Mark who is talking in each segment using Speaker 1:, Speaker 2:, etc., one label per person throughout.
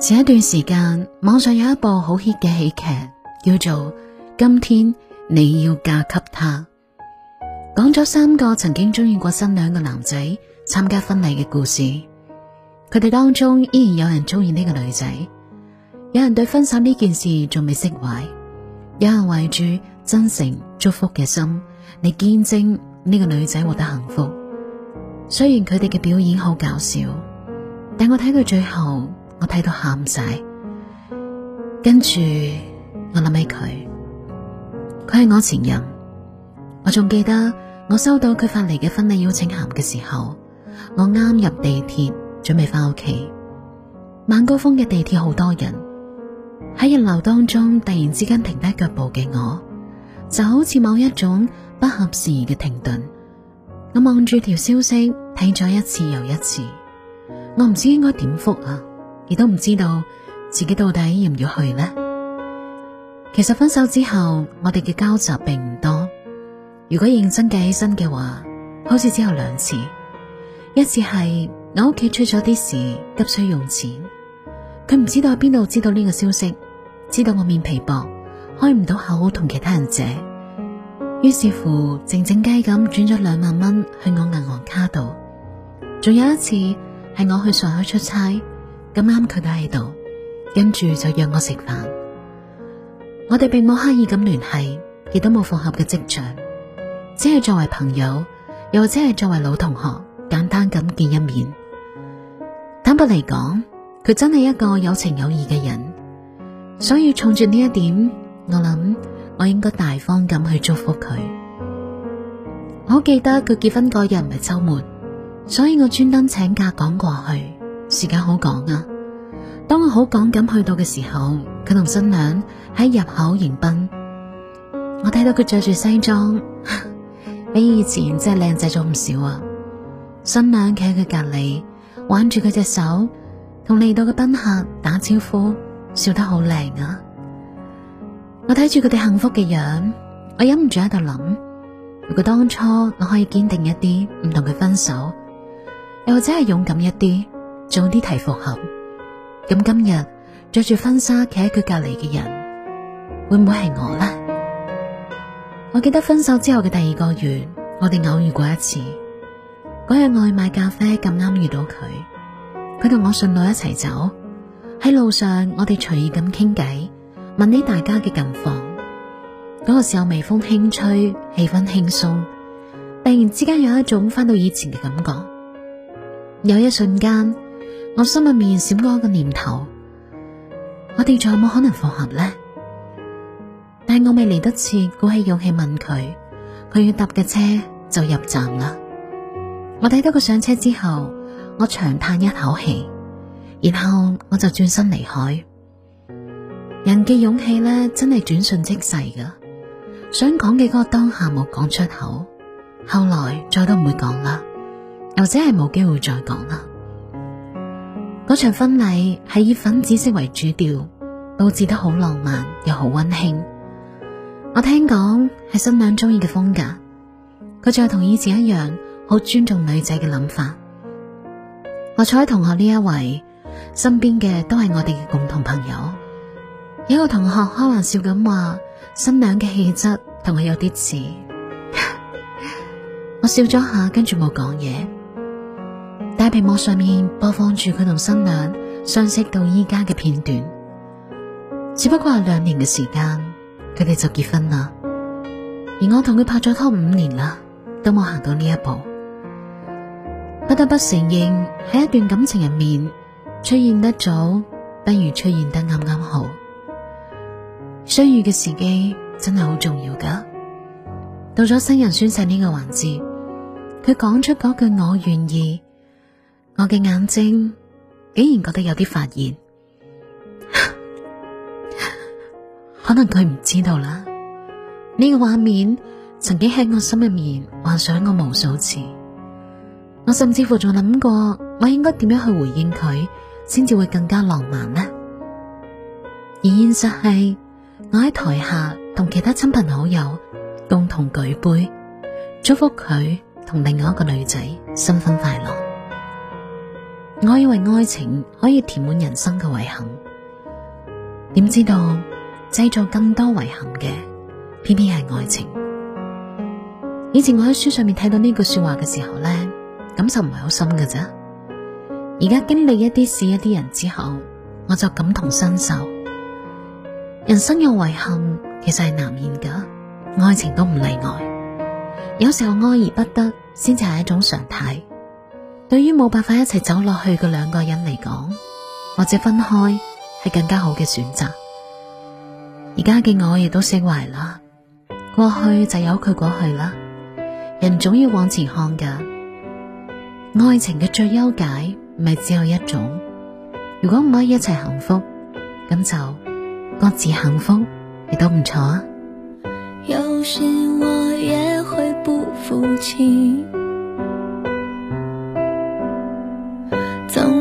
Speaker 1: 前一段時間，網上有一部好 hit 嘅喜劇，叫做《今天你要嫁給他》，講咗三個曾經鍾意過新娘嘅男仔參加婚禮嘅故事。佢哋當中依然有人鍾意呢個女仔，有人對分手呢件事仲未釋懷，有人懷住真誠祝福嘅心，嚟見證呢個女仔獲得幸福。雖然佢哋嘅表演好搞笑，但我睇佢最後。我睇到喊晒，跟住我諗起佢，佢係我前任。我仲記得我收到佢發嚟嘅婚禮邀請函嘅時候，我啱入地鐵準備翻屋企，晚高峰嘅地鐵好多人，喺人流當中突然之間停低腳步嘅我，就好似某一種不合時宜嘅停頓。我望住條消息睇咗一次又一次，我唔知應該點覆啊！亦都唔知道自己到底要唔要去咧？其實分手之後，我哋嘅交集並唔多。如果認真計起身嘅話，好似只有兩次。一次係我屋企出咗啲事，急需用錢。佢唔知道喺邊度知道呢個消息，知道我面皮薄，開唔到口同其他人借。於是乎，靜靜雞咁轉咗兩萬蚊去我銀行卡度。仲有一次係我去上海出差。咁啱佢都喺度，跟住就約我食飯。我哋並冇刻意咁聯繫，亦都冇復合嘅跡象，只係作為朋友，又或者係作為老同學，簡單咁見一面。坦白嚟講，佢真係一個有情有義嘅人，所以衝住呢一點，我諗我應該大方咁去祝福佢。我記得佢結婚嗰日唔係周末，所以我專登請假趕過去。時間好趕啊！當我好趕咁去到嘅時候，佢同新娘喺入口迎賓。我睇到佢着住西裝，比以前真係靚仔咗唔少啊！新娘企喺佢隔離，挽住佢隻手，同嚟到嘅賓客打招呼，笑得好靚啊！我睇住佢哋幸福嘅樣，我忍唔住喺度諗：如果當初我可以堅定一啲，唔同佢分手，又或者係勇敢一啲。做啲提復合，咁今日着住婚紗企喺佢隔籬嘅人，會唔會係我呢？我記得分手之後嘅第二個月，我哋偶遇過一次，嗰日外賣咖啡咁啱遇到佢，佢同我順路一齊走，喺路上我哋隨意咁傾偈，問起大家嘅近況。嗰、嗰個時候微風輕吹，氣氛輕鬆，突然之間有一種翻到以前嘅感覺，有一瞬間。我心入面閃過一個念頭，我哋仲有冇可能復合呢？但係我未嚟得切鼓起勇氣問佢，佢要搭嘅車就入站啦。我睇到佢上車之後，我長嘆一口氣，然後我就轉身離開。人嘅勇氣呢，真係轉瞬即逝噶。想講嘅嗰個當下冇講出口，後來再都唔會講啦，又或者係冇機會再講啦。嗰場婚禮係以粉紫色為主調，布置得好浪漫又好溫馨。我聽講係新娘中意嘅風格。佢仲係同以前一樣，好尊重女仔嘅諗法。我坐喺同學呢一位，身邊嘅都係我哋嘅共同朋友。有個同學開玩笑咁話：新娘嘅氣質同佢有啲似。 我笑咗下，跟住冇講嘢。大屏幕上面播放住佢同新娘相識到依家嘅片段，只不過係兩年嘅時間，佢哋就結婚啦。而我同佢拍咗拖五年啦，都冇行到呢一步。不得不承認，喺一段感情入面，出現得早不如出現得啱啱好。相遇嘅時機真係好重要㗎。到咗新人宣誓呢個環節，佢講出嗰句我願意。我嘅眼睛竟然覺得有啲發熱， 可能佢唔知道啦。呢個畫面曾經喺我心入面幻想過無數次，我甚至乎仲諗過我應該點樣去回應佢，先至會更加浪漫呢？而現實係我喺台下同其他親朋好友共同舉杯，祝福佢同另外一個女仔新婚快樂。我以為愛情可以填滿人生嘅遺憾，點知道製造更多遺憾嘅，偏偏係愛情。以前我喺書上面睇到呢句說話嘅時候呢，感受唔係好深嘅啫。而家經歷一啲事、一啲人之後，我就感同身受。人生有遺憾，其實係難免噶，愛情都唔例外。有時候愛而不得，先係一種常態。對於冇辦法一齊走落去嘅兩個人嚟講，或者分開係更加好嘅選擇。而家嘅我亦都釋懷啦，過去就由佢過去啦。人總要往前看噶，愛情嘅最優解唔係只有一種。如果唔可以一齊幸福，咁就各自幸福亦都唔錯啊。
Speaker 2: 有時我也會不服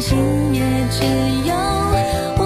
Speaker 2: 心也只有我。